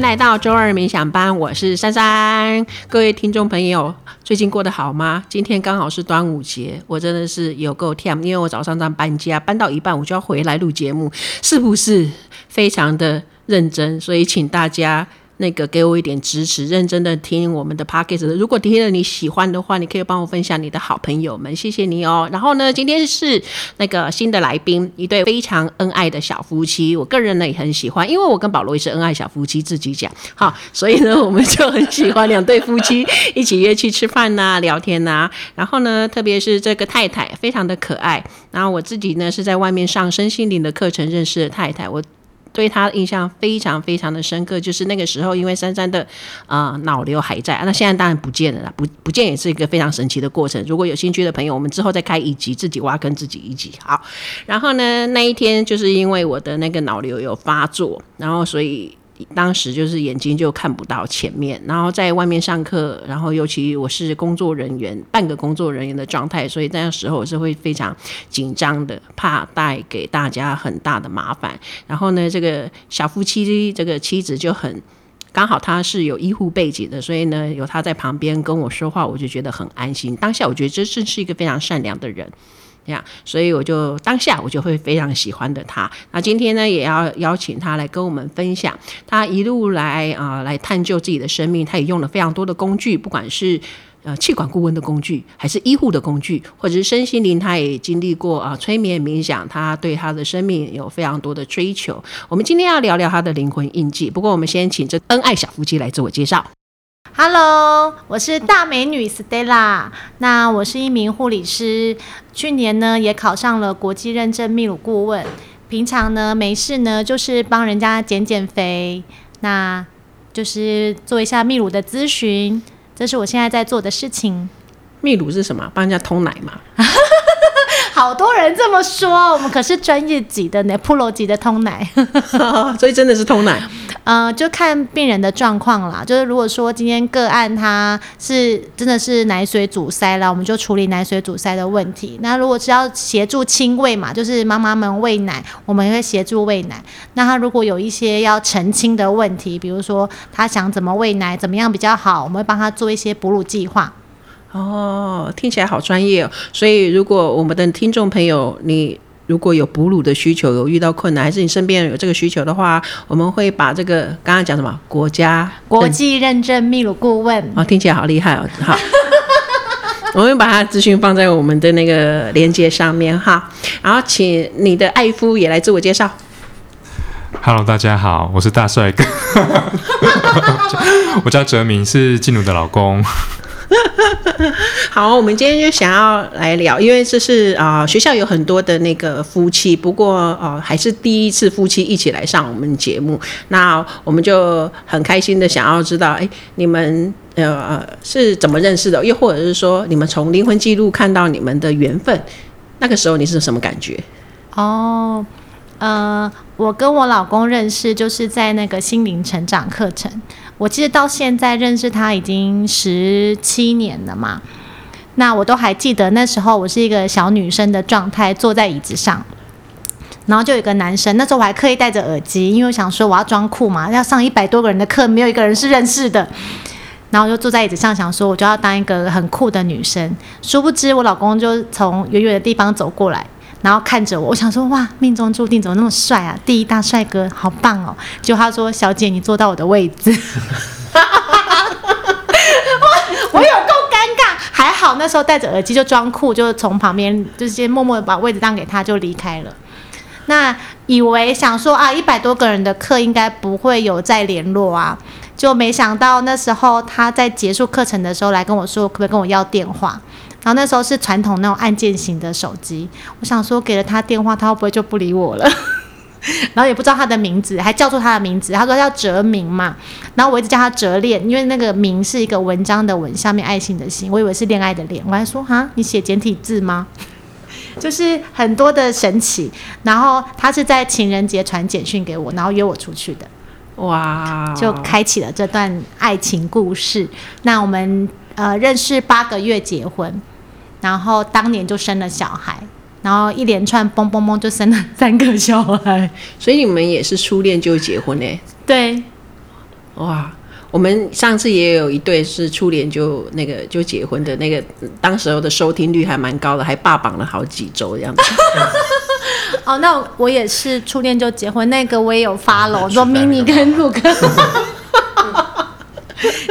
來到周二冥想班，我是珊珊。各位聽眾朋友，最近過得好嗎？今天剛好是端午節，我真的是有夠忝，因為我早上在搬家，搬到一半我就要回來錄節目，是不是非常的認真？所以請大家。那個給我一點支持，認真的聽我們的 Podcast。如果聽了你喜歡的話，你可以幫我分享你的好朋友們，謝謝你哦。然後呢，今天是那個新的來賓，一對非常恩愛的小夫妻。我個人呢也很喜歡，因為我跟保羅也是恩愛小夫妻，自己講好、哦，所以呢我們就很喜歡兩對夫妻一起約去吃飯吶、啊、聊天吶、啊。然後呢，特別是這個太太非常的可愛。然後我自己呢是在外面上身心靈的課程認識的太太，我。對他印象非常非常的深刻，就是那個時候，因為珊珊的，呃，腦瘤還在，啊，那現在當然不見了啦，不不見也是一個非常神奇的過程。如果有興趣的朋友，我們之後再開一集，自己挖坑，自己一集，好。然後呢，那一天就是因為我的那個腦瘤有發作，然後所以，當時就是眼睛就看不到前面，然後在外面上課，然後尤其我是工作人員，半個工作人員的狀態，所以那時候我是會非常緊張的，怕帶給大家很大的麻煩。然後呢，這個小夫妻這個妻子就很剛好，她是有醫護背景的，所以呢，有她在旁邊跟我說話，我就覺得很安心。當下我覺得這真是一個非常善良的人。這樣，所以我就當下我就會非常喜歡的他。那今天呢，也要邀請他來跟我們分享他一路來啊、呃，來探究自己的生命。他也用了非常多的工具，不管是呃企管顧問的工具，還是醫護的工具，或者是身心靈，他也經歷過啊、呃、催眠冥想。他對他的生命有非常多的追求。我們今天要聊聊他的靈魂印記。不過，我們先請這恩愛小夫妻來自我介紹。Hello，我是大美女 Stella，嗯。那我是一名護理師，去年呢也考上了國際認證泌乳顧問。平常呢沒事呢，就是幫人家減減肥，那就是做一下泌乳的諮詢，這是我現在在做的事情。泌乳是什麼？幫人家偷奶嗎？ 好多人這麼說，我們可是專業級的呢，PRO 級的通奶， 所以真的是通奶。呃，就看病人的狀況啦，就是如果說今天個案他是真的是奶水阻塞了，我們就處理奶水阻塞的問題。那如果是要協助親餵嘛，就是媽媽們餵奶，我們會協助餵奶。那他如果有一些要澄清的問題，比如說他想怎麼餵奶，怎麼樣比較好，我們會幫他做一些哺乳計劃。哦，聽起來好專業哦。所以，如果我們的聽眾朋友，你如果有哺乳的需求，有遇到困難，還是你身邊有這個需求的話，我們會把這個剛剛講什麼國家國際認證泌乳顧問哦，聽起來好厲害哦。好， 我們把他的資訊放在我們的那個連接上面哈。然後，請你的愛夫也來自我介紹。Hello，大家好，我是大帥哥， 我叫，我叫哲明，是靜茹的老公。 好，我們今天就想要來聊，因為這是啊、呃，學校有很多的那個夫妻，不過哦、呃，還是第一次夫妻一起來上我們節目，那我們就很開心的想要知道，哎、欸，你們呃呃是怎麼認識的？又或者是說，你們從靈魂記錄看到你們的緣分，那個時候你是什麼感覺？哦，呃，我跟我老公認識就是在那個心靈成長課程。我記得到現在認識他已經十七年了嘛，那我都還記得那時候我是一個小女生的狀態，坐在椅子上，然後就有個男生，那時候我還刻意戴着耳機，因為我想說我要裝酷嘛，要上一百多個人的課，沒有一個人是認識的，然後我就坐在椅子上想說，我就要當一個很酷的女生，殊不知我老公就從遠遠的地方走過來。然後看着我，我想說哇，命中注定怎麼那麼帥啊！第一大帥哥，好棒哦！就他說，小姐，你坐到我的位置。我 我有夠尷尬，還好那時候戴着耳機就裝酷，就從旁邊就先默默的把位置讓給他，就離開了。那以為想說啊，一百多個人的課應該不會有再聯絡啊，就沒想到那時候他在結束課程的時候來跟我說，可不可以跟我要電話。然後那時候是傳統那種按鍵型的手機，我想說給了他電話，他會不會就不理我了？ 然後也不知道他的名字，還叫錯他的名字。他說他叫哲明嘛，然後我一直叫他哲戀，因為那個明是一個文章的文，下面愛心的心，我以為是戀愛的戀。我還說哈，你寫簡體字嗎？就是很多的神奇。然後他是在情人節傳簡訊給我，然後約我出去的。哇，Wow. 就開啟了這段愛情故事。那我們呃認識八個月結婚。然後當年就生了小孩，然後一連串嘣嘣嘣，就生了三個小孩，所以你們也是初戀就結婚呢、欸？對，哇，我們上次也有一對是初戀就那個就結婚的那個，當時候的收聽率還蠻高的，還霸榜了好幾周這樣子。嗯、 哦，那我也是初戀就結婚，那個我也有發了， 說 mini 跟 Luke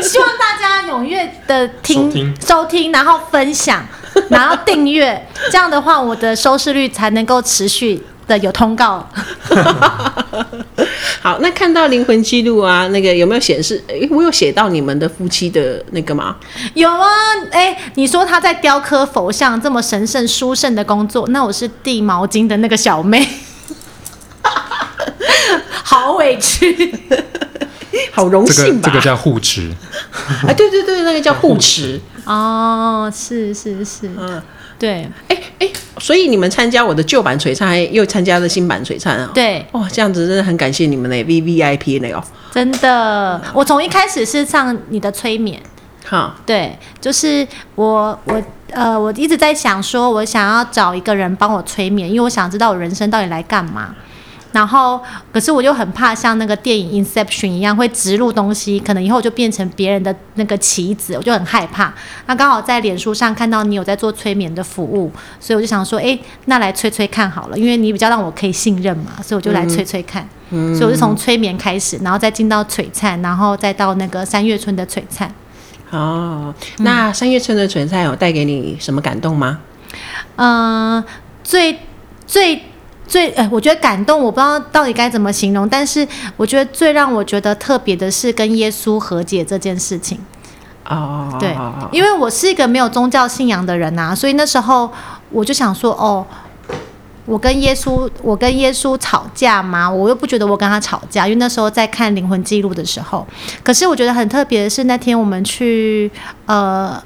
希望大家踴躍的聽收聽，收聽，然後分享。然後訂閱，這樣的話，我的收視率才能夠持續的有通告。 好，那看到靈魂記錄啊，那個有沒有顯示、欸？我有寫到你們的夫妻的那個嗎？有啊、哦，哎、欸，你說他在雕刻佛像，這麼神聖殊勝的工作，那我是遞毛巾的那個小妹， 好委屈， 好榮幸吧、這個？這個叫護持，哎、 欸，對對對，那個叫護持。哦，是是是，是嗯，對，哎哎、欸欸，所以你們參加我的舊版璀璨，又參加了新版璀璨啊？對，哦、喔，這樣子真的很感謝你們嘞、欸、，V V I P 喂、欸、哦、喔，真的，嗯、我從一開始是唱你的催眠，哈、啊，對，就是我我喂呃，我一直在想說，我想要找一個人幫我催眠，因為我想知道我人生到底來幹嘛。然後，可是我就很怕像那個電影《Inception》一樣會植入東西，可能以後就變成別人的那個棋子，我就很害怕。那剛好在臉書上看到你有在做催眠的服務，所以我就想說，哎，那來催催看好了，因為你比較讓我可以信任嘛，所以我就來催催看。嗯，嗯，所以我就從催眠開始，然後再進到璀璨，然後再到那個三月春的璀璨。哦，那三月春的璀璨有帶給你什麼感動嗎？嗯，最、嗯呃、最。最最誒、欸，我覺得感動，我不知道到底該怎麼形容。但是我覺得最讓我覺得特別的是跟耶穌和解這件事情。哦，oh. 對，因為我是一個沒有宗教信仰的人呐、啊，所以那時候我就想說，哦，我跟耶穌，我跟耶穌吵架嗎？我又不覺得我跟他吵架，因為那時候在看靈魂記錄的時候。可是我覺得很特別的是，那天我們去呃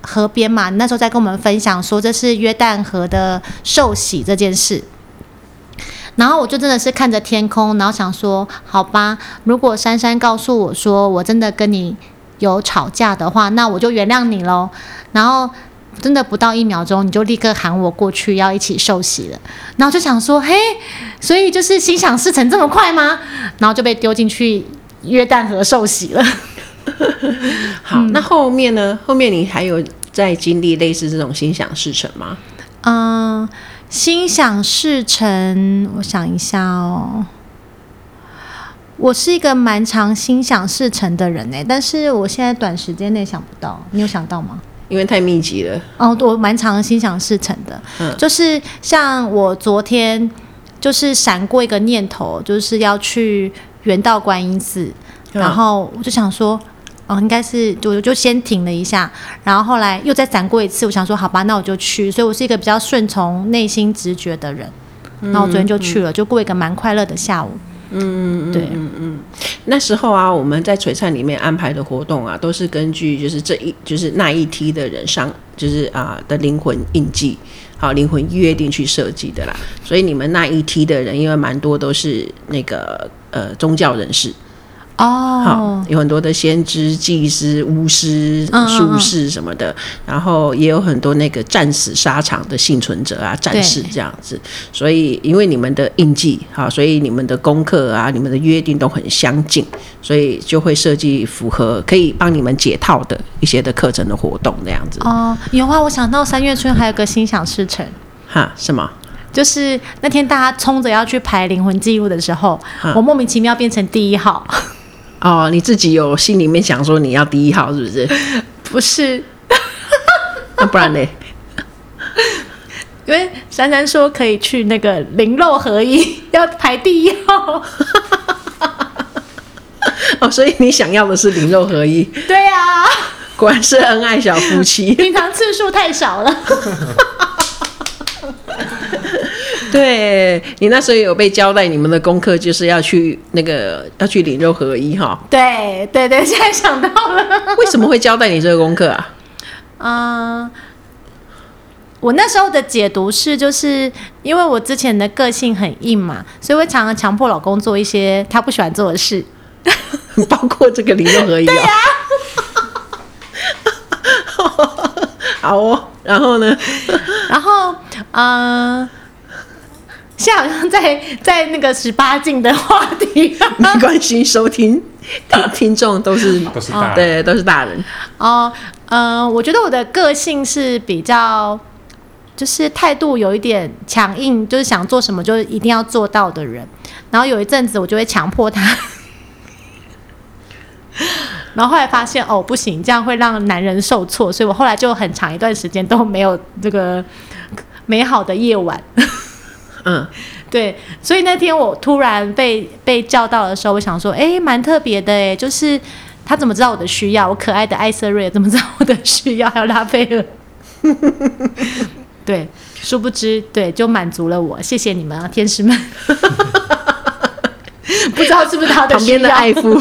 河邊嘛，那時候在跟我們分享說，這是約旦河的受洗這件事。然後我就真的是看着天空，然後想說，好吧，如果珊珊告訴我說我真的跟你有吵架的話，那我就原諒你嘍。然後真的不到一秒鐘，你就立刻喊我過去要一起受洗了。然後就想說，嘿，所以就是心想事成這麼快嗎？然後就被丟進去約旦河受洗了。 好，嗯、那後面呢？後面你還有在經歷類似這種心想事成嗎？嗯。呃心想事成，我想一下哦、喔。我是一個蠻常心想事成的人呢、欸，但是我現在短時間內想不到，你有想到嗎？因為太密集了。哦，我蠻常心想事成的，嗯、就是像我昨天就是閃過一個念頭，就是要去元道觀音寺，然後我就想說。哦，應該是就我就就先停了一下，然後後來又再閃過一次，我想說，好吧，那我就去。所以我是一個比較順從內心直覺的人，那我、嗯、昨天就去了，嗯、就過一個蠻快樂的下午。嗯對嗯嗯。那時候啊，我們在璀璨裡面安排的活動啊，都是根據就是這一就是那一梯的人上就是啊的靈魂印記，好、啊、靈魂約定去設計的啦。所以你們那一梯的人，因為蠻多都是那個呃宗教人士。Oh, 哦，好，有很多的先知、祭司、巫師、術、嗯嗯嗯、士什麼的，然後也有很多那個戰死沙場的倖存者啊，戰士這樣子。對所以，因為你們的印記，哈、哦，所以你們的功課啊，你們的約定都很相近，所以就會設計符合可以幫你們解套的一些的課程的活動這樣子。哦，oh, 有啊，我想到三月春還有個心想事成，嗯、哈，是嗎？就是那天大家衝着要去排靈魂記錄的時候，哈我莫名其妙變成第一號。哦，你自己有心裡面想說你要第一號是不是？不是， 那不然呢？因為珊珊說可以去那個靈肉合一，要排第一號。 哦，所以你想要的是靈肉合一。對呀。啊，果然是恩愛小夫妻，平常次數太少了。 對，你那時候有被交代，你們的功課就是要去那個要去靈肉合一哈。對對對，現在想到了。為什麼會交代你這個功課啊？嗯、呃，我那時候的解讀是，就是因為我之前的個性很硬嘛，所以會常常強迫老公做一些他不喜歡做的事，包括這個靈肉合一。喔。對呀、啊。 好哦。然後呢？然後，嗯、呃……在現在好像在在那個十八禁的話題，啊，沒關係，收聽聽眾都是都是大、對，都是大人。哦，嗯，呃，我覺得我的個性是比較，就是態度有一點強硬，就是想做什麼就一定要做到的人。然後有一陣子我就會強迫他，然後後來發現哦，不行，這樣會讓男人受挫，所以我後來就很長一段時間都沒有這個美好的夜晚。嗯，對，所以那天我突然被被叫到的時候，我想說，誒、欸，蠻特別的，誒，就是他怎麼知道我的需要？我可愛的艾瑟瑞怎麼知道我的需要？還有拉斐爾？ 對，殊不知，對，就滿足了我，謝謝你們啊，天使們， 不知道是不是他旁邊的愛夫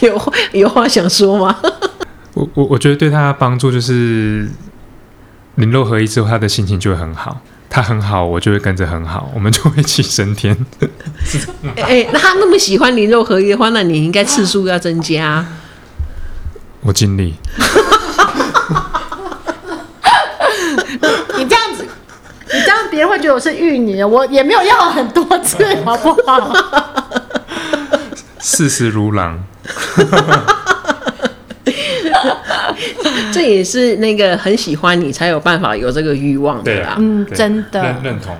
有有話想說嗎？ 我我我覺得對他幫助就是靈肉合一之後，他的心情就會很好。他很好，我就會跟着很好，我們就會一起升天、 欸。那他那麼喜歡靈肉合一的話，那你應該次數要增加。我盡力。 你這樣子，你這樣別人會覺得我是欲女，我也沒有要很多次，好不好？ 四十如狼。 這也是那個很喜歡你，才有辦法有這個欲望的啦。嗯，真的認同。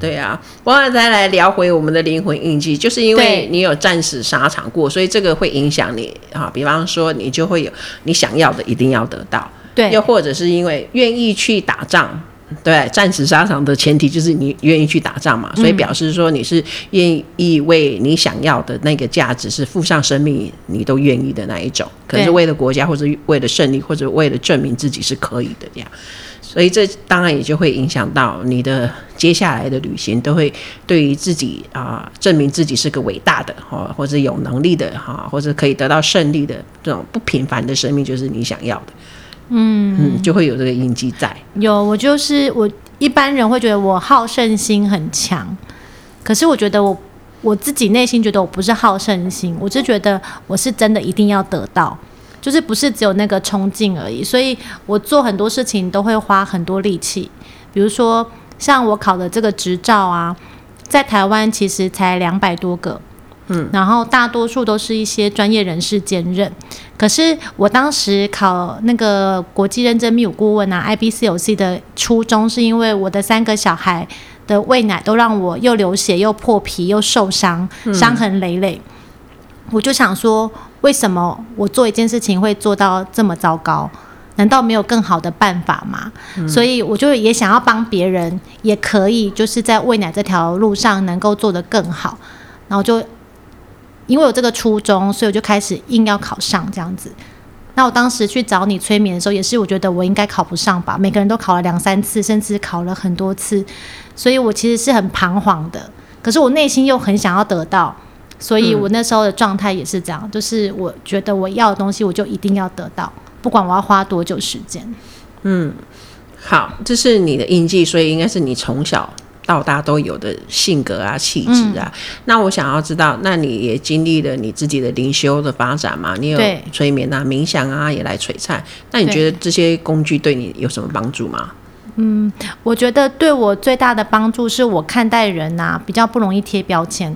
對啊，我剛才來聊回我們的靈魂印記，就是因為你有戰死沙場過，對所以這個會影響你哈、啊。比方說，你就會有你想要的一定要得到。對，又或者是因為願意去打仗。對，戰死沙場的前提就是你願意去打仗嘛，所以表示說你是願意為你想要的那個價值是付上生命，你都願意的那一種。可是為了國家，或者為了勝利，或者為了證明自己是可以的這樣，所以這當然也就會影響到你的接下來的旅行，都會對於自己啊、呃、證明自己是個偉大的哈、哦，或者有能力的哈、哦，或者可以得到勝利的這種不平凡的生命，就是你想要的。嗯，就會有這個印記在。嗯、有我就是我，一般人會覺得我好勝心很強，可是我覺得我我自己內心覺得我不是好勝心，我就覺得我是真的一定要得到，就是不是只有那個衝勁而已。所以我做很多事情都會花很多力氣，比如說像我考的這個執照啊，在台灣其實才兩百多個。嗯、然後大多數都是一些專業人士兼任。可是我當時考那個國際認證泌乳顧問啊 IBCLC 的初衷，是因為我的三個小孩的餵奶都讓我又流血、又破皮、又受傷，傷、嗯、傷痕累累。我就想說，為什麼我做一件事情會做到這麼糟糕？難道沒有更好的辦法嗎？嗯、所以我就也想要幫別人，也可以就是在餵奶這條路上能夠做得更好，然後就。因為我有這個初衷，所以我就開始硬要考上這樣子。那我當時去找你催眠的時候，也是我覺得我應該考不上吧？每個人都考了兩三次，甚至考了很多次，所以我其實是很彷徨的。可是我內心又很想要得到，所以我那時候的狀態也是這樣，嗯，就是我覺得我要的東西我就一定要得到，不管我要花多久時間。嗯，好，這是你的印記，所以應該是你從小。到大都有的性格啊、氣質啊，嗯、那我想要知道，那你也經歷了你自己的靈修的發展嘛？你有催眠啊、對冥想啊，也來璀璨。那你覺得這些工具對你有什麼幫助嗎？嗯，我覺得對我最大的幫助是我看待人啊，比較不容易貼標籤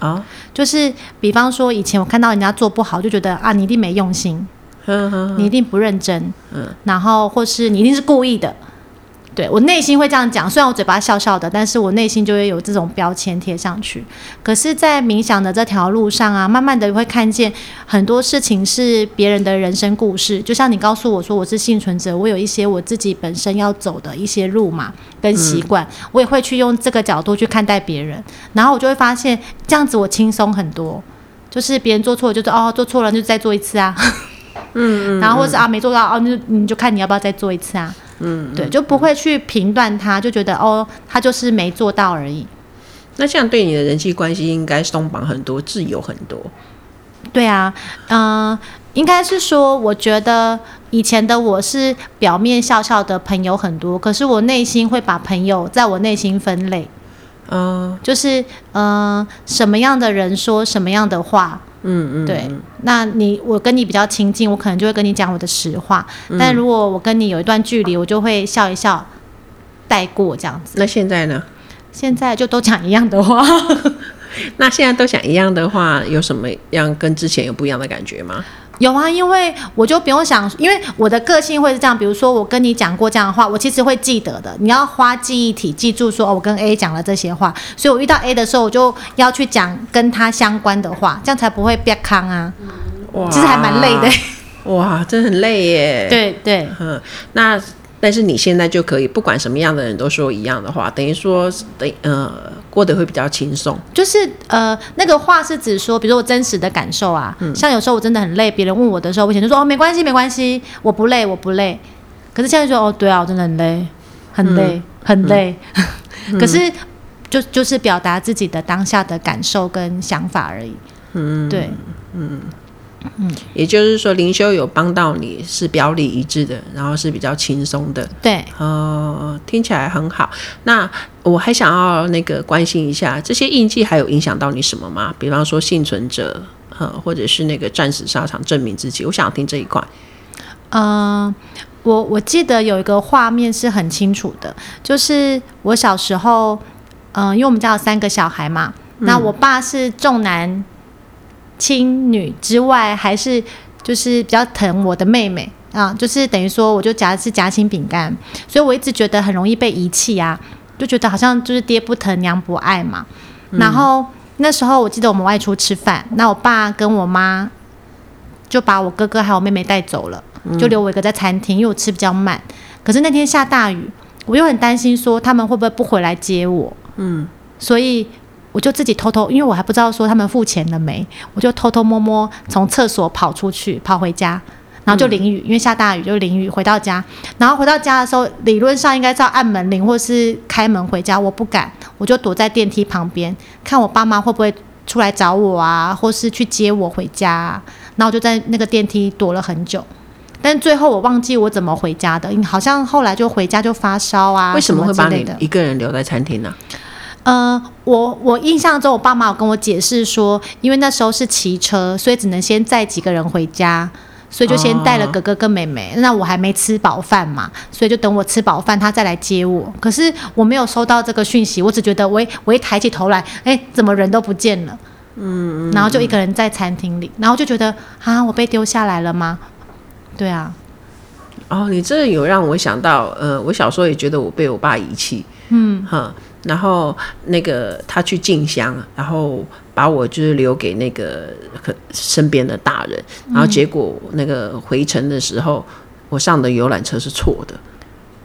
啊。哦、就是比方說，以前我看到人家做不好，就覺得啊，你一定沒用心，呵呵呵，你一定不認真，嗯，然後或是你一定是故意的。嗯對我內心會這樣講，雖然我嘴巴笑笑的，但是我內心就會有這種標籤貼上去。可是，在冥想的這條路上啊，慢慢的會看見很多事情是別人的人生故事。就像你告訴我說我是倖存者，我有一些我自己本身要走的一些路嘛，跟習慣，我也會去用這個角度去看待別人，嗯、然後我就會發現這樣子我輕鬆很多。就是別人做錯，就是哦做錯了你就再做一次啊。嗯嗯。然後或是啊沒做到啊，那、哦、你，你就看你要不要再做一次啊。嗯，嗯，對，就不會去評斷他，就覺得哦，他就是沒做到而已。那這樣對你的人際關係應該鬆綁很多，自由很多。對啊，嗯、呃，應該是說，我覺得以前的我是表面笑笑的朋友很多，可是我內心會把朋友在我內心分類，嗯，就是嗯、呃，什麼樣的人說什麼樣的話。嗯嗯，對。那你我跟你比較親近，我可能就會跟你講我的實話。嗯、但如果我跟你有一段距離，我就會笑一笑，帶過這樣子。那現在呢？現在就都講一樣的話。 那現在都講一樣的話，有什麼樣跟之前有不一樣的感覺嗎？有啊，因為我就不用想，因為我的個性會是這樣。比如說，我跟你講過這樣的話，我其實會記得的。你要花記憶體記住說，哦、我跟 A 講了這些話，所以我遇到 A 的時候，我就要去講跟他相關的話，這樣才不會變康啊。哇、嗯，其實還蠻累的、欸哇。哇，真的很累耶。對對，嗯，那。但是你現在就可以，不管什麼樣的人都說一樣的話，等於說，等呃，過得會比較輕鬆。就是呃，那個話是指說，比如說我真實的感受啊，嗯、像有時候我真的很累，別人問我的時候，我以前就說哦，沒關係，沒關係，我不累，我不累。可是現在就說哦，對啊，我真的很累，很累，嗯、很累。嗯、 可是就就是表達自己的當下的感受跟想法而已。嗯，對，嗯。嗯，也就是說靈修有幫到你，是表裡一致的，然後是比較輕鬆的。對，嗯、呃，聽起來很好。那我還想要那個關心一下，這些印記還有影響到你什麼嗎？比方說，幸存者，嗯、呃，或者是那個戰死沙場證明自己，我想要聽這一塊。嗯、呃，我我記得有一個畫面是很清楚的，就是我小時候，嗯、呃，因為我們家有三個小孩嘛，嗯、那我爸是重男親女，之外，還是就是比較疼我的妹妹啊，就是等於說，我就夾的是夾心餅乾，所以我一直覺得很容易被遺棄啊，就覺得好像就是爹不疼娘不愛嘛。嗯、然後那時候我記得我們外出吃飯，那我爸跟我媽就把我哥哥還有妹妹帶走了，嗯、就留我一個在餐廳，因為我吃比較慢。可是那天下大雨，我又很擔心說他們會不會不回來接我，嗯，所以。我就自己偷偷，因為我還不知道說他們付錢了沒，我就偷偷摸摸從廁所跑出去，跑回家，然後就淋雨，嗯、因為下大雨就淋雨。回到家，然後回到家的時候，理論上應該是要按門鈴或是開門回家，我不敢，我就躲在電梯旁邊，看我爸媽會不會出來找我啊，或是去接我回家，啊。然後就在那個電梯躲了很久，但最後我忘記我怎麼回家的，你好像後來就回家就發燒啊。為什麼會把你一個人留在餐廳呢、啊？嗯、呃，我我印象中，我爸媽有跟我解釋說，因為那時候是騎車，所以只能先載幾個人回家，所以就先帶了哥哥跟妹妹。哦、那我還沒吃飽飯嘛，所以就等我吃飽飯，他再來接我。可是我沒有收到這個訊息，我只覺得我一我一抬起頭來，哎，怎麼人都不見了？嗯，然後就一個人在餐廳裡，然後就覺得啊，我被丟下來了嗎？對啊。哦，你這有讓我想到，呃，我小時候也覺得我被我爸遺棄。嗯，哈。然後那個他去進香，然後把我就是留給那個身邊的大人，嗯、然後結果那個回程的時候，我上的遊覽車是錯的，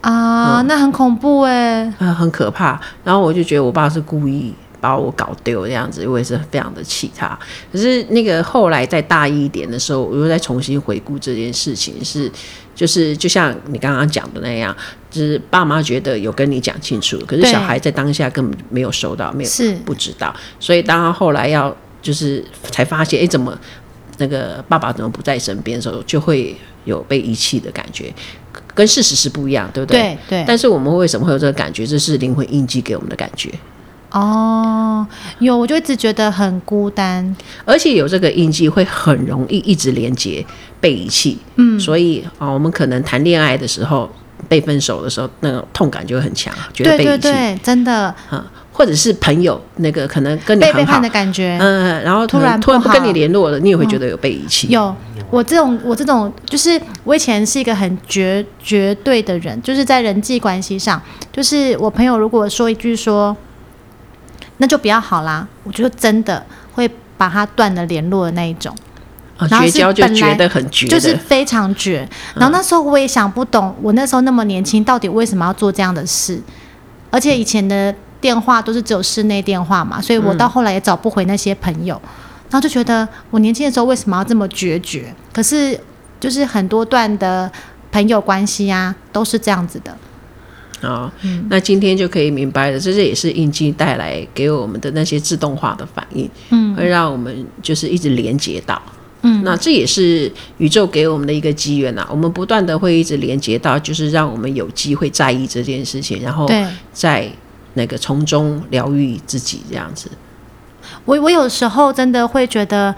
啊，嗯、那很恐怖哎、嗯，很可怕。然後我就覺得我爸是故意把我搞丟這樣子，我也是非常的氣他。可是那個後來再大一點的時候，我又再重新回顧這件事情是。就是就像你剛剛講的那樣，就是爸媽覺得有跟你講清楚，可是小孩在當下根本沒有收到，沒有是不知道，所以當他後來要就是才發現，哎、欸，怎麼那個爸爸怎麼不在身邊的時候，就會有被遺棄的感覺，跟事實是不一樣，對不對？對，對。但是我們為什麼會有這個感覺？這是靈魂印記給我們的感覺。哦，有，我就一直覺得很孤單，而且有這個印記會很容易一直連接。被遺棄，嗯，所以啊、哦，我們可能談戀愛的時候被分手的時候，那個痛感就會很強，覺得被遺棄，對對對，真的、嗯，或者是朋友那個可能跟你談背叛的感覺，嗯嗯，然後突然突然不跟你聯絡了，你也會覺得有被遺棄、嗯。有，我這種我這種就是我以前是一個很絕絕對的人，就是在人際關係上，就是我朋友如果說一句說，那就比較好啦，我就真的會把他斷了聯絡的那一種。然後、哦、覺得很絕，是就是非常絕。嗯、然後那時候我也想不懂，我那時候那麼年輕，到底為什麼要做這樣的事？而且以前的電話都是只有室內電話嘛，嗯、所以我到後來也找不回那些朋友。嗯、然後就覺得我年輕的時候為什麼要這麼決絕？可是就是很多段的朋友關係啊，都是這樣子的。好、哦，那今天就可以明白了，這些也是印記帶來給我們的那些自動化的反應，嗯，會讓我們就是一直連接到。嗯，那這也是宇宙給我們的一個機緣吶。我們不斷的會一直連接到，就是讓我們有機會在意這件事情，然後在那個從中療癒自己這樣子。對，我我有時候真的會覺得，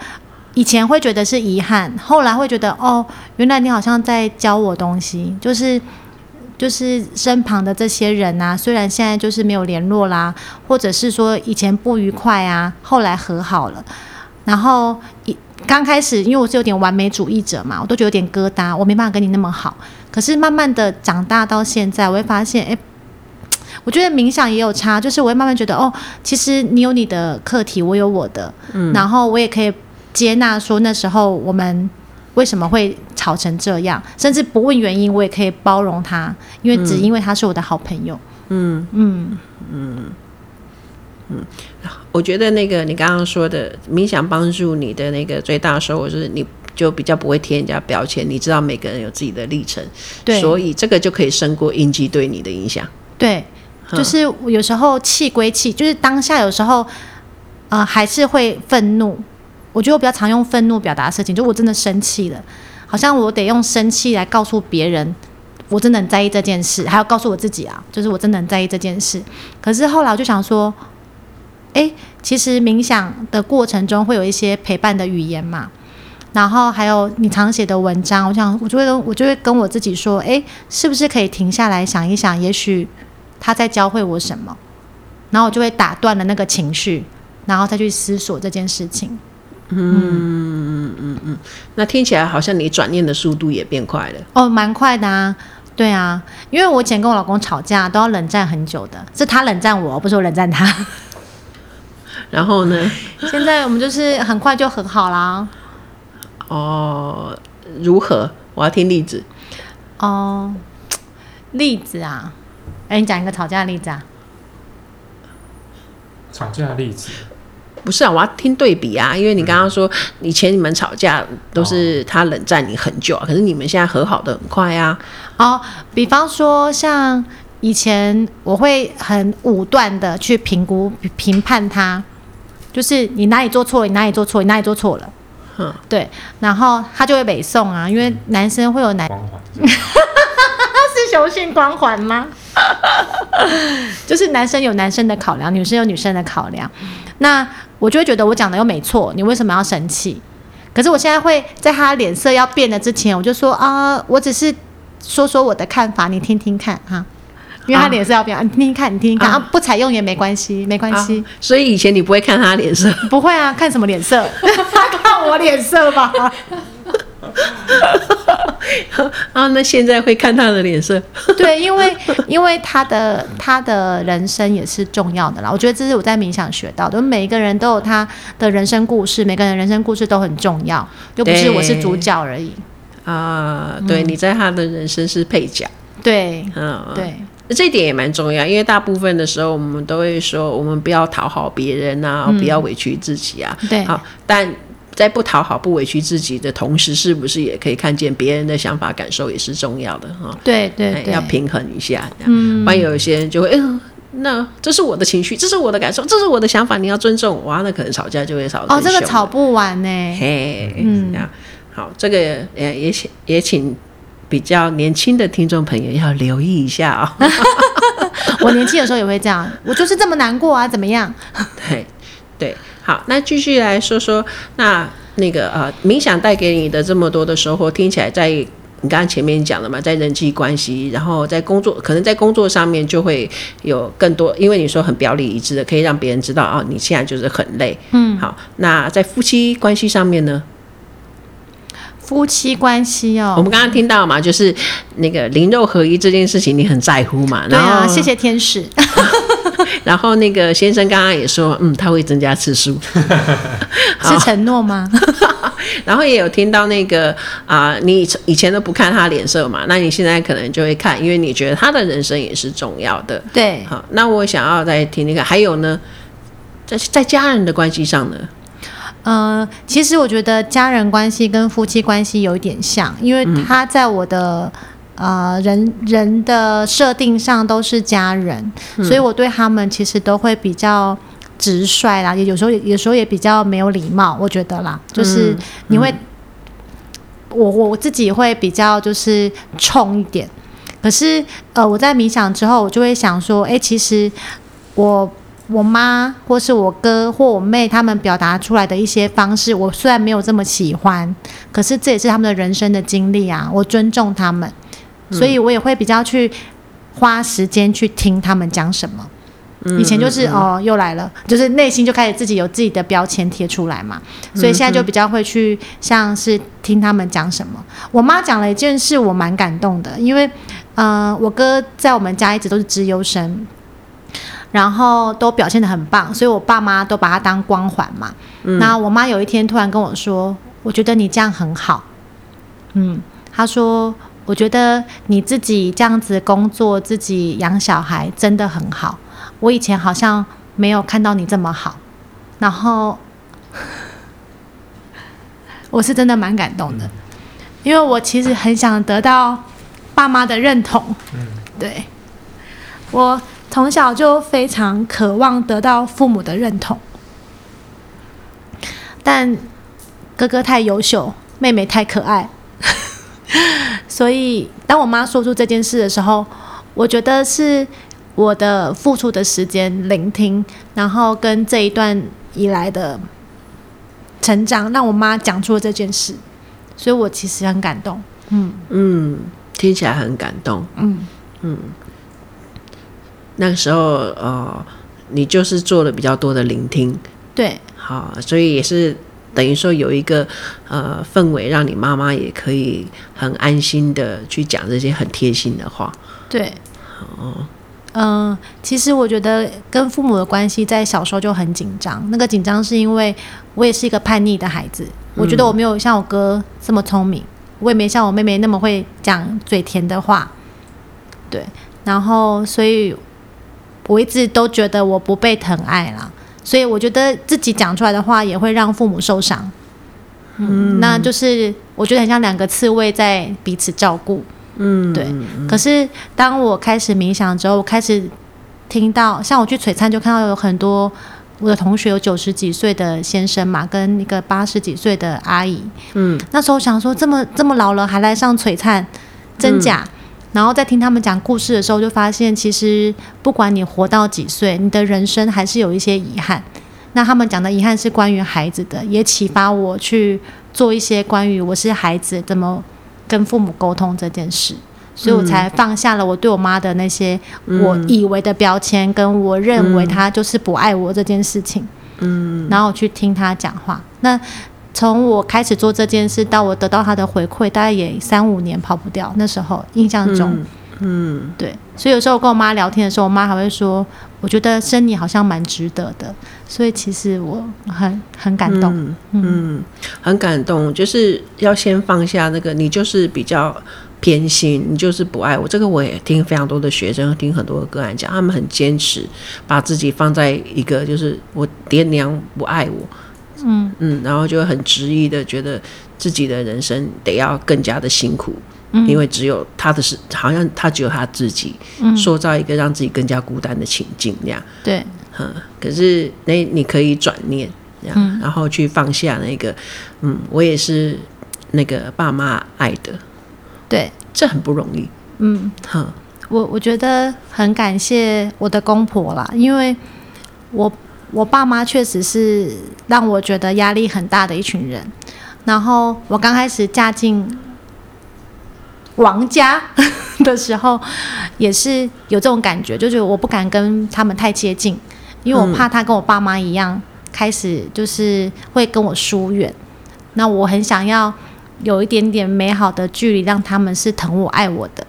以前會覺得是遺憾，後來會覺得哦，原來你好像在教我東西，就是就是身旁的這些人啊，雖然現在就是沒有聯絡啦，或者是說以前不愉快啊，後來和好了，然後一。剛開始，因為我是有點完美主義者嘛，我都覺得有點疙瘩，我沒辦法跟你那麼好。可是慢慢的長大到現在，我會發現，哎、欸，我覺得冥想也有差，就是我會慢慢覺得，哦，其實你有你的課題，我有我的，嗯、然後我也可以接納說，那時候我們為什麼會吵成這樣，甚至不問原因，我也可以包容他，因為只因為他是我的好朋友。嗯嗯嗯。嗯嗯嗯，我覺得那個你剛剛說的冥想幫助你的那個最大的時候，我是，你就比較不會貼人家標籤。你知道每個人有自己的歷程，對所以這個就可以勝過應激對你的影響。對，嗯、就是有時候氣歸氣，就是當下有時候呃還是會憤怒。我覺得我比較常用憤怒表達事情，就我真的生氣了，好像我得用生氣來告訴別人，我真的很在意這件事，還有告訴我自己啊，就是我真的很在意這件事。可是後來我就想說。哎、欸，其實冥想的過程中會有一些陪伴的語言嘛，然後還有你常寫的文章，我想我就會我就會跟我自己說，哎、欸，是不是可以停下來想一想？也許他在教會我什麼，然後我就會打斷了那個情緒，然後再去思索這件事情。嗯嗯嗯嗯嗯，那聽起來好像你轉念的速度也變快了哦，蠻快的啊。對啊，因為我以前跟我老公吵架都要冷戰很久的，是他冷戰我，不是我冷戰他。然後呢？ 現在我們就是很快就和好啦、啊。哦，如何？我要聽例子。哦，例子啊，哎、欸，你講一個吵架的例子啊？吵架的例子？不是啊，我要聽對比啊，因為你剛剛說、嗯、以前你們吵架都是他冷戰你很久、啊，可是你們現在和好的很快啊。哦，比方說像以前我會很武斷的去評估、評判他。就是你哪裡做錯，你哪裡做錯，你哪裡做錯了。呵對，然後他就會北送啊，因為男生會有男 是雄性光環嗎？ 就是男生有男生的考量，女生有女生的考量。那我就會覺得我講的又沒錯，你為什麼要生氣？可是我現在會在他臉色要變了之前，我就說啊、呃，我只是說說我的看法，你聽聽看哈。因為他臉色要變、啊啊，你聽看，你聽看，然後、啊啊、不採用也沒關係，沒關係、啊。所以以前你不會看他臉色，不會啊，看什麼臉色？ 他看我臉色吧。啊，那現在會看他的臉色？對，因為因為他的他的人生也是重要的啦。我覺得這是我在冥想學到的，每一個人都有他的人生故事，每個人的人生故事都很重要，又不是我是主角而已。啊，對，嗯、你在他的人生是配角。對，嗯、啊，對。這一點也蠻重要，因為大部分的時候我們都會說，我們不要討好別人啊，嗯、不要委屈自己啊。對，好、哦，但在不討好、不委屈自己的同時，是不是也可以看見別人的想法、感受也是重要的？哈、哦，對對對、哎，要平衡一下。嗯，萬一有一些人就會、欸，那這是我的情緒，這是我的感受，這是我的想法，你要尊重我、啊，那可能吵架就會吵。哦，這個吵不完呢、欸。嘿，嗯這樣，好，這個呃也請也，也請。比較年輕的聽眾朋友要留意一下哦， 我年輕的時候也會這樣，我就是這麼難過啊，怎麼樣？ 對，對，好，那繼續來說說那那個呃、啊，冥想帶給你的這麼多的收穫，聽起來在你剛剛前面講了嘛，在人際關係，然後在工作，可能在工作上面就會有更多，因為你說很表裡一致的，可以讓別人知道啊、哦，你現在就是很累，嗯，好，那在夫妻關係上面呢？夫妻關係哦，我們剛剛聽到嘛，就是那個靈肉合一這件事情，你很在乎嘛？對啊，謝謝天使。 然後那個先生剛剛也說，嗯，他會增加次數， 好是承諾嗎？ 然後也有聽到那個啊、呃，你以前都不看他臉色嘛，那你現在可能就會看，因為你覺得他的人生也是重要的。對，好，那我想要再聽聽看，還有呢，在在家人的關係上呢？嗯、呃，其實我覺得家人關係跟夫妻關係有一點像，因為他在我的、嗯、呃人人的設定上都是家人，嗯、所以我對他們其實都會比較直率啦，也有時候有時候也比較沒有禮貌，我覺得啦，就是你會，嗯、我我自己會比較就是衝一點，可是呃，我在冥想之後，我就會想說，哎，其實我。我媽或是我哥或我妹，他們表達出來的一些方式，我雖然沒有這麼喜歡，可是這也是他們的人生的經歷啊，我尊重他們，所以我也會比較去花時間去聽他們講什麼。嗯、以前就是，嗯嗯嗯，哦，又來了，就是內心就開始自己有自己的標籤貼出來嘛，所以現在就比較會去像是聽他們講什麼。嗯嗯，我媽講了一件事，我蠻感動的，因為嗯、呃，我哥在我們家一直都是資優生。然後都表現得很棒，所以我爸媽都把他當光環嘛。嗯，那我媽有一天突然跟我說：“我覺得你這樣很好，嗯。”她說：“我覺得你自己這樣子工作，自己養小孩真的很好。我以前好像沒有看到你這麼好。”然後我是真的蠻感動的，嗯，因為我其實很想得到爸媽的認同。嗯，對，我。從小就非常渴望得到父母的認同，但哥哥太優秀，妹妹太可愛， 所以當我媽說出這件事的時候，我覺得是我的付出的時間、聆聽，然後跟這一段以來的成長，讓我媽講出了這件事，所以我其實很感動。嗯嗯，聽起來很感動。嗯嗯。嗯那個時候，呃，你就是做了比較多的聆聽，對，好，所以也是等於說有一個呃氛圍，讓你媽媽也可以很安心的去講這些很貼心的話，對，嗯，好，呃，其實我覺得跟父母的關係在小時候就很緊張，那個緊張是因為我也是一個叛逆的孩子，我覺得我沒有像我哥這麼聰明，嗯，我也沒像我妹妹那麼會講嘴甜的話，對，然後所以。我一直都覺得我不被疼愛啦，所以我覺得自己講出來的話也會讓父母受傷。嗯，那就是我覺得很像兩個刺蝟在彼此照顧。嗯，對。可是當我開始冥想之後，我開始聽到，像我去璀璨就看到有很多我的同學有九十幾歲的先生嘛，跟一個八十幾歲的阿姨。嗯，那時候想說這麼這麼老了還來上璀璨，真假？嗯然後在聽他們講故事的時候，就發現其實不管你活到幾歲，你的人生還是有一些遺憾。那他們講的遺憾是關於孩子的，也啟發我去做一些關於我是孩子怎麼跟父母溝通這件事，所以我才放下了我對我媽的那些我以為的標籤，跟我認為她就是不愛我這件事情。嗯，然後我去聽他講話。那。從我開始做這件事到我得到他的回饋，大概也三五年跑不掉。那時候印象中，嗯，嗯對，所以有時候我跟我媽聊天的時候，我媽還會說：“我覺得生你好像蠻值得的。”所以其實我很很感動，嗯，嗯嗯很感動。就是要先放下那個，你就是比較偏心，你就是不愛我。這個我也聽非常多的學生，聽很多的個案講，他們很堅持把自己放在一個，就是我爹娘不愛我。嗯嗯，然後就很執意的覺得自己的人生得要更加的辛苦，嗯，因為只有他的是，好像他只有他自己，嗯，塑造一個讓自己更加孤單的情境那樣，對，可是那你可以轉念，嗯，然後去放下那個，嗯，我也是那個爸媽愛的，對，這很不容易，嗯，呵我我覺得很感謝我的公婆啦，因為我。我爸媽確實是讓我覺得壓力很大的一群人，然後我剛開始嫁進王家的時候，也是有這種感覺，就覺得我不敢跟他們太接近，因為我怕他跟我爸媽一樣，嗯、開始就是會跟我疏遠。那我很想要有一點點美好的距離，讓他們是疼我、愛我的。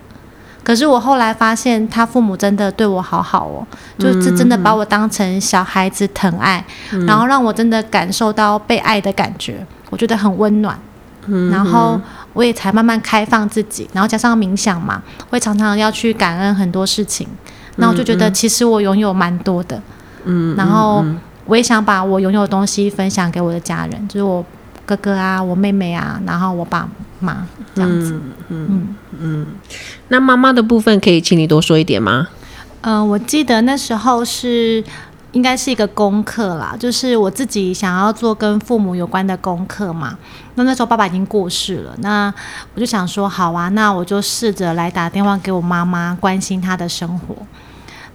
可是我後來發現，他父母真的對我好好哦，嗯、就是真的把我當成小孩子疼愛，嗯、然後讓我真的感受到被愛的感覺，我覺得很溫暖。嗯、然後我也才慢慢開放自己，然後加上冥想嘛，會常常要去感恩很多事情。那、嗯、我就覺得，其實我擁有蠻多的。嗯，然後我也想把我擁有的東西分享給我的家人，就是我哥哥啊，我妹妹啊，然後我爸。嘛，這樣子，嗯嗯嗯，嗯嗯，那媽媽的部分可以請你多說一點嗎？嗯、呃，我記得那時候是應該是一個功課啦，就是我自己想要做跟父母有關的功課嘛。那那時候爸爸已經過世了，那我就想說，好啊，那我就試着來打電話給我媽媽，關心她的生活。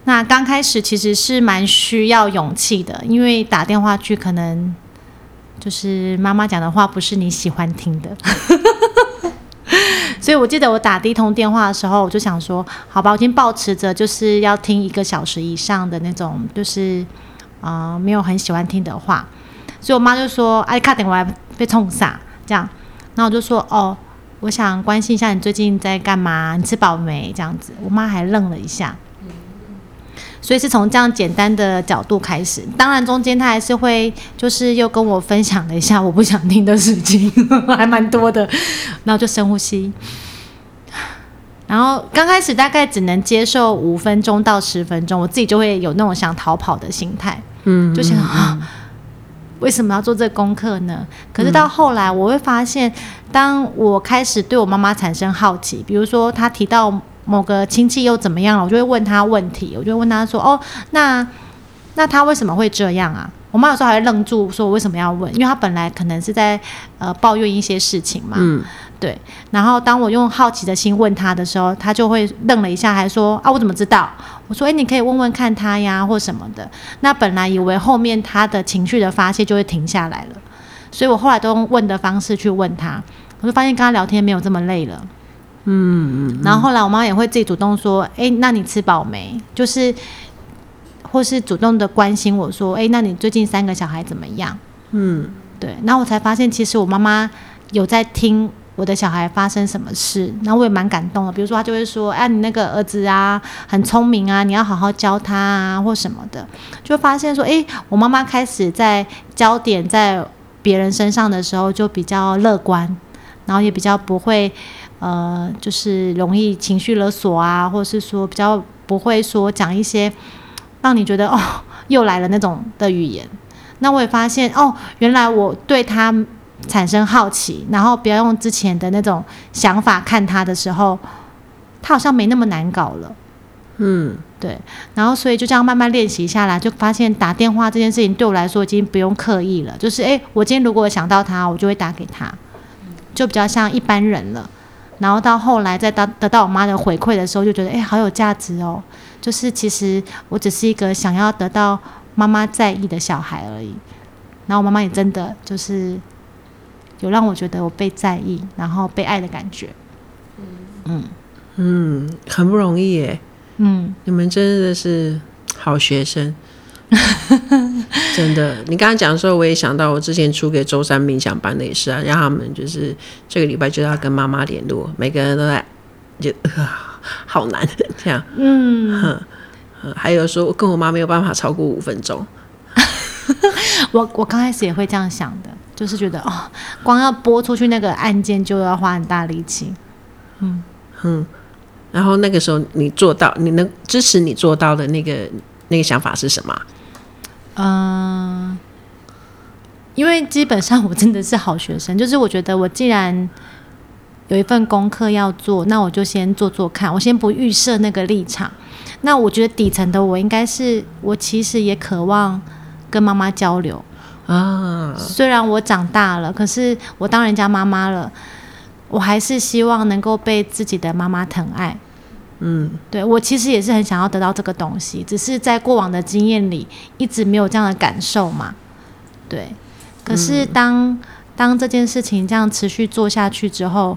那剛開始其實是蠻需要勇氣的，因為打電話去，可能就是媽媽講的話不是你喜歡聽的。 所以，我記得我打第一通電話的時候，我就想說，好吧，我已經抱持著就是要聽一個小時以上的那種，就是啊、呃，沒有很喜歡聽的話。所以，我媽就說：“哎、啊，快點，我要被沖傻。”這樣，然後我就說：“哦，我想關心一下你最近在幹嘛，你吃飽沒？”這樣子，我媽還愣了一下。所以是從這樣簡單的角度開始，當然中間她還是會就是又跟我分享了一下我不想聽的事情，還蠻多的。然後就深呼吸。然後剛開始大概只能接受五分鐘到十分鐘，我自己就會有那種想逃跑的心態，嗯，就想啊，為什麼要做這個功課呢？可是到後來，我會發現，當我開始對我媽媽產生好奇，比如說她提到某個親戚又怎麼樣了，我就會問她問題，我就問她說：“哦，那那她為什麼會這樣啊？”我媽有時候還會愣住，說：“我為什麼要問？”，因為她本來可能是在呃抱怨一些事情嘛，嗯。對，然後當我用好奇的心問他的時候，他就會愣了一下，還說：“啊，我怎麼知道？”我說：“哎，你可以問問看他呀，或什麼的。”那本來以為後面他的情緒的發洩就會停下來了，所以我後來都用問的方式去問他，我就發現跟他聊天沒有這麼累了。嗯，嗯，然後後來我媽也會自己主動說：“哎，那你吃飽沒？”就是，或是主動的關心我說：“哎，那你最近三個小孩怎麼樣？”嗯，對，然後我才發現其實我媽媽有在聽。我的小孩發生什麼事，那我也蠻感動的。比如說，他就會說：“哎、啊，你那個兒子啊，很聰明啊，你要好好教他啊，或什麼的。”就發現說：“誒、欸，我媽媽開始在焦點在別人身上的時候，就比較樂觀，然後也比較不會，呃，就是容易情緒勒索啊，或者是說比較不會說講一些讓你覺得，哦，又來了那種的語言。”那我也發現哦，原來我對他，產生好奇，然後不要用之前的那種想法看他的時候，他好像沒那麼難搞了。嗯，對。然後，所以就這樣慢慢練習下來，就發現打電話這件事情對我來說已經不用刻意了。就是，哎，我今天如果想到他，我就會打給他，就比較像一般人了。然後到後來，在得得到我媽的回饋的時候，就覺得，哎，好有價值哦。就是，其實我只是一個想要得到媽媽在意的小孩而已。然後，我媽媽也真的就是。有讓我覺得我被在意，然後被愛的感覺。嗯嗯，嗯，很不容易耶。嗯，你們真的是好學生， 真的。你剛剛講的時候，我也想到我之前出給周三冥想班的也是啊，讓他們就是這個禮拜就要跟媽媽聯絡，每個人都在就好難這樣。嗯，還有說跟我媽沒有辦法超過五分鐘 我我剛開始也會這樣想的。就是覺得哦，光要撥出去那個按鍵就要花很大力氣。嗯嗯，然後那個時候你做到，你能支持你做到的那個那個想法是什麼？嗯、呃，因為基本上我真的是好學生，就是我覺得我既然有一份功課要做，那我就先做做看，我先不預設那個立場。那我覺得底層的我應該是，我其實也渴望跟媽媽交流。啊，雖然我長大了，可是我當人家媽媽了，我還是希望能夠被自己的媽媽疼愛。嗯，對，我其實也是很想要得到這個東西，只是在過往的經驗裡一直沒有這樣的感受嘛。對，可是當、嗯、當這件事情這樣持續做下去之後，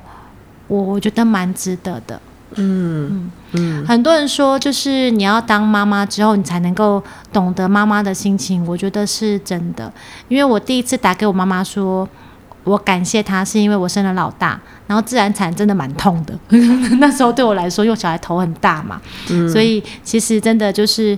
我我覺得蠻值得的。嗯嗯，很多人說，就是你要當媽媽之後，你才能夠懂得媽媽的心情。我覺得是真的，因為我第一次打給我媽媽說，我感謝她，是因為我生了老大，然後自然產真的蠻痛的呵呵。那時候對我來說，因為小孩頭很大嘛，嗯，所以其實真的就是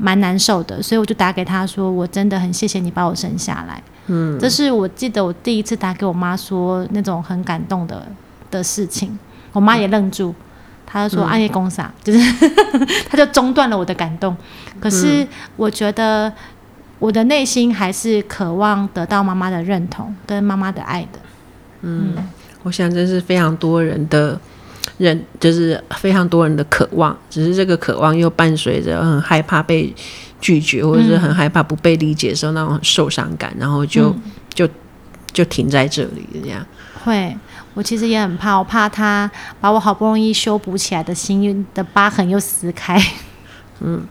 蠻難受的。所以我就打給她說，我真的很謝謝你把我生下來。嗯，這是我記得我第一次打給我媽說那種很感動的的事情，我媽也愣住。嗯他就說暗夜、嗯啊、工廠，就是 他就中斷了我的感動。可是我覺得我的內心還是渴望得到媽媽的認同跟媽媽的愛的。嗯，嗯，我想這是非常多人的人，就是非常多人的渴望，只是這個渴望又伴隨着很害怕被拒絕，或者是很害怕不被理解的時候、嗯、那種很受傷感，然後就、嗯、就就停在這裡這樣。會。我其實也很怕，我怕他把我好不容易修補起來的心的疤痕又撕開。嗯，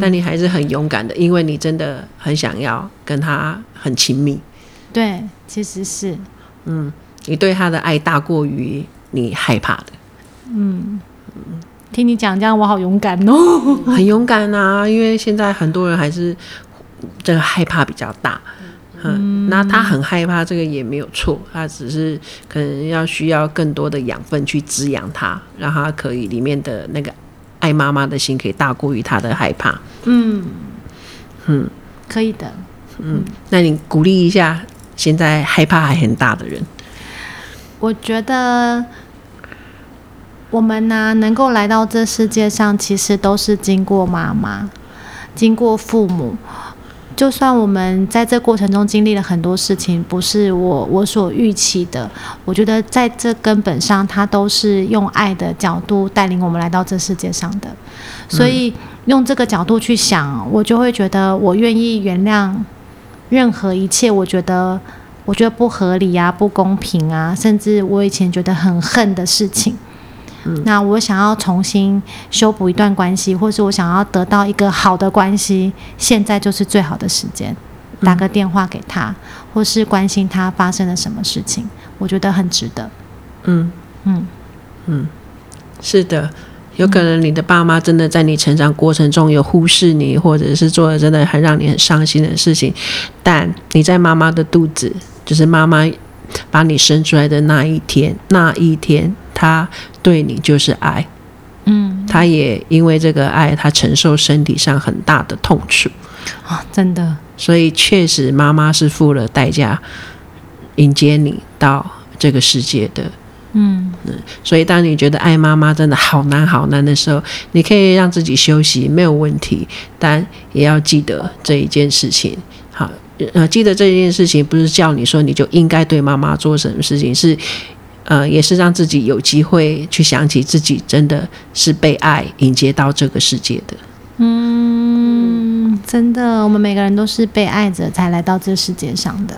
但你還是很勇敢的，因為你真的很想要跟他很親密。對，其實是。嗯，你對他的愛大過於你害怕的。嗯嗯，聽你講這樣，我好勇敢哦。 很勇敢啊，因為現在很多人還是這個害怕比較大。嗯，那他很害怕，這個也沒有錯，他只是可能要需要更多的養分去滋養他，讓他可以裡面的那個愛媽媽的心可以大過於他的害怕。嗯，嗯，可以的。嗯，那你鼓勵一下現在害怕還很大的人？我覺得我們呢、啊、能夠來到這世界上，其實都是經過媽媽，經過父母。就算我們在這過程中經歷了很多事情，不是我我所預期的，我覺得在這根本上，他都是用愛的角度帶領我們來到這世界上的。所以、嗯、用這個角度去想，我就會覺得我願意原諒任何一切。我覺得我覺得不合理啊，不公平啊，甚至我以前覺得很恨的事情。那我想要重新修補一段關係，嗯、或是我想要得到一個好的關係，嗯、現在就是最好的時間。打個電話給他，或是關心他發生了什麼事情，我覺得很值得。嗯嗯嗯，是的，有可能你的爸媽真的在你成長過程中有忽視你，嗯、或者是做了真的很讓你很傷心的事情，但你在媽媽的肚子，就是媽媽把你生出來的那一天，那一天。他對你就是愛，嗯，他也因為這個愛，他承受身體上很大的痛楚啊、哦，真的。所以確實，媽媽是付了代價迎接你到這個世界的，嗯，嗯。所以當你覺得愛媽媽真的好難好難的時候，你可以讓自己休息，沒有問題。但也要記得這一件事情，好，呃，記得這一件事情不是叫你說你就應該對媽媽做什麼事情，是。呃，也是讓自己有機會去想起自己真的是被愛迎接到這個世界的。嗯，真的，我們每個人都是被愛着才來到這個世界上的。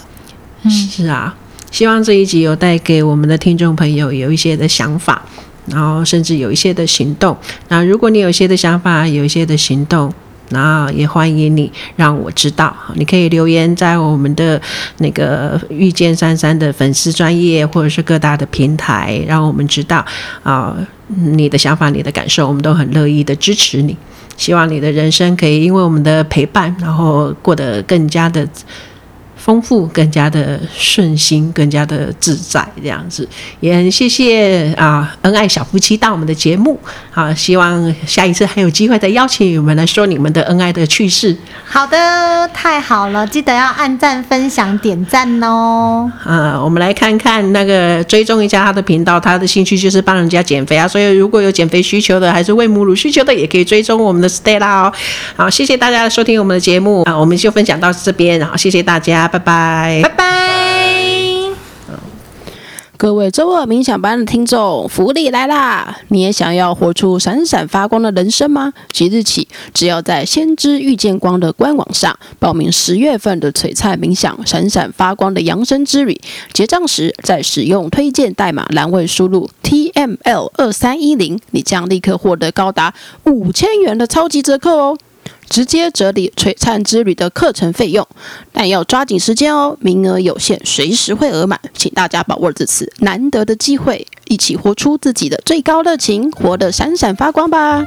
嗯，是啊，希望這一集有帶給我們的聽眾朋友有一些的想法，然後甚至有一些的行動。那如果你有一些的想法，有一些的行動。那也歡迎你，讓我知道，你可以留言在我們的那個遇見珊珊的粉絲專頁，或者是各大的平台，讓我們知道啊，你的想法、你的感受，我們都很樂意的支持你。希望你的人生可以因為我們的陪伴，然後過得更加的。豐富，更加的順心，更加的自在，這樣子也很謝謝啊，恩愛小夫妻到我們的節目啊，希望下一次還有機會再邀請你們來說你們的恩愛的趣事。好的，太好了，記得要按讚、分享、點讚哦。嗯、啊，我們來看看那個追蹤一下他的頻道，他的興趣就是幫人家減肥啊，所以如果有減肥需求的，還是餵母乳需求的，也可以追蹤我們的 Stay 啦哦。好、啊，謝謝大家收聽我們的節目啊，我們就分享到這邊，然、啊、後謝謝大家。拜拜，拜拜！拜拜各位週二冥想班的聽眾，福利來啦！你也想要活出閃閃發光的人生嗎？即日起，只要在先知遇見光的官網上報名十月份的璀璨冥想、閃閃發光的揚升之旅，結賬時再使用推薦代碼欄位輸入 T M L 二三一零，你將立刻獲得高達五千元的超級折扣哦！直接折抵璀璨之旅的課程費用，但要抓緊時間哦，名額有限，隨時會額滿，請大家把握這次難得的機會，一起活出自己的最高熱情，活得閃閃發光吧！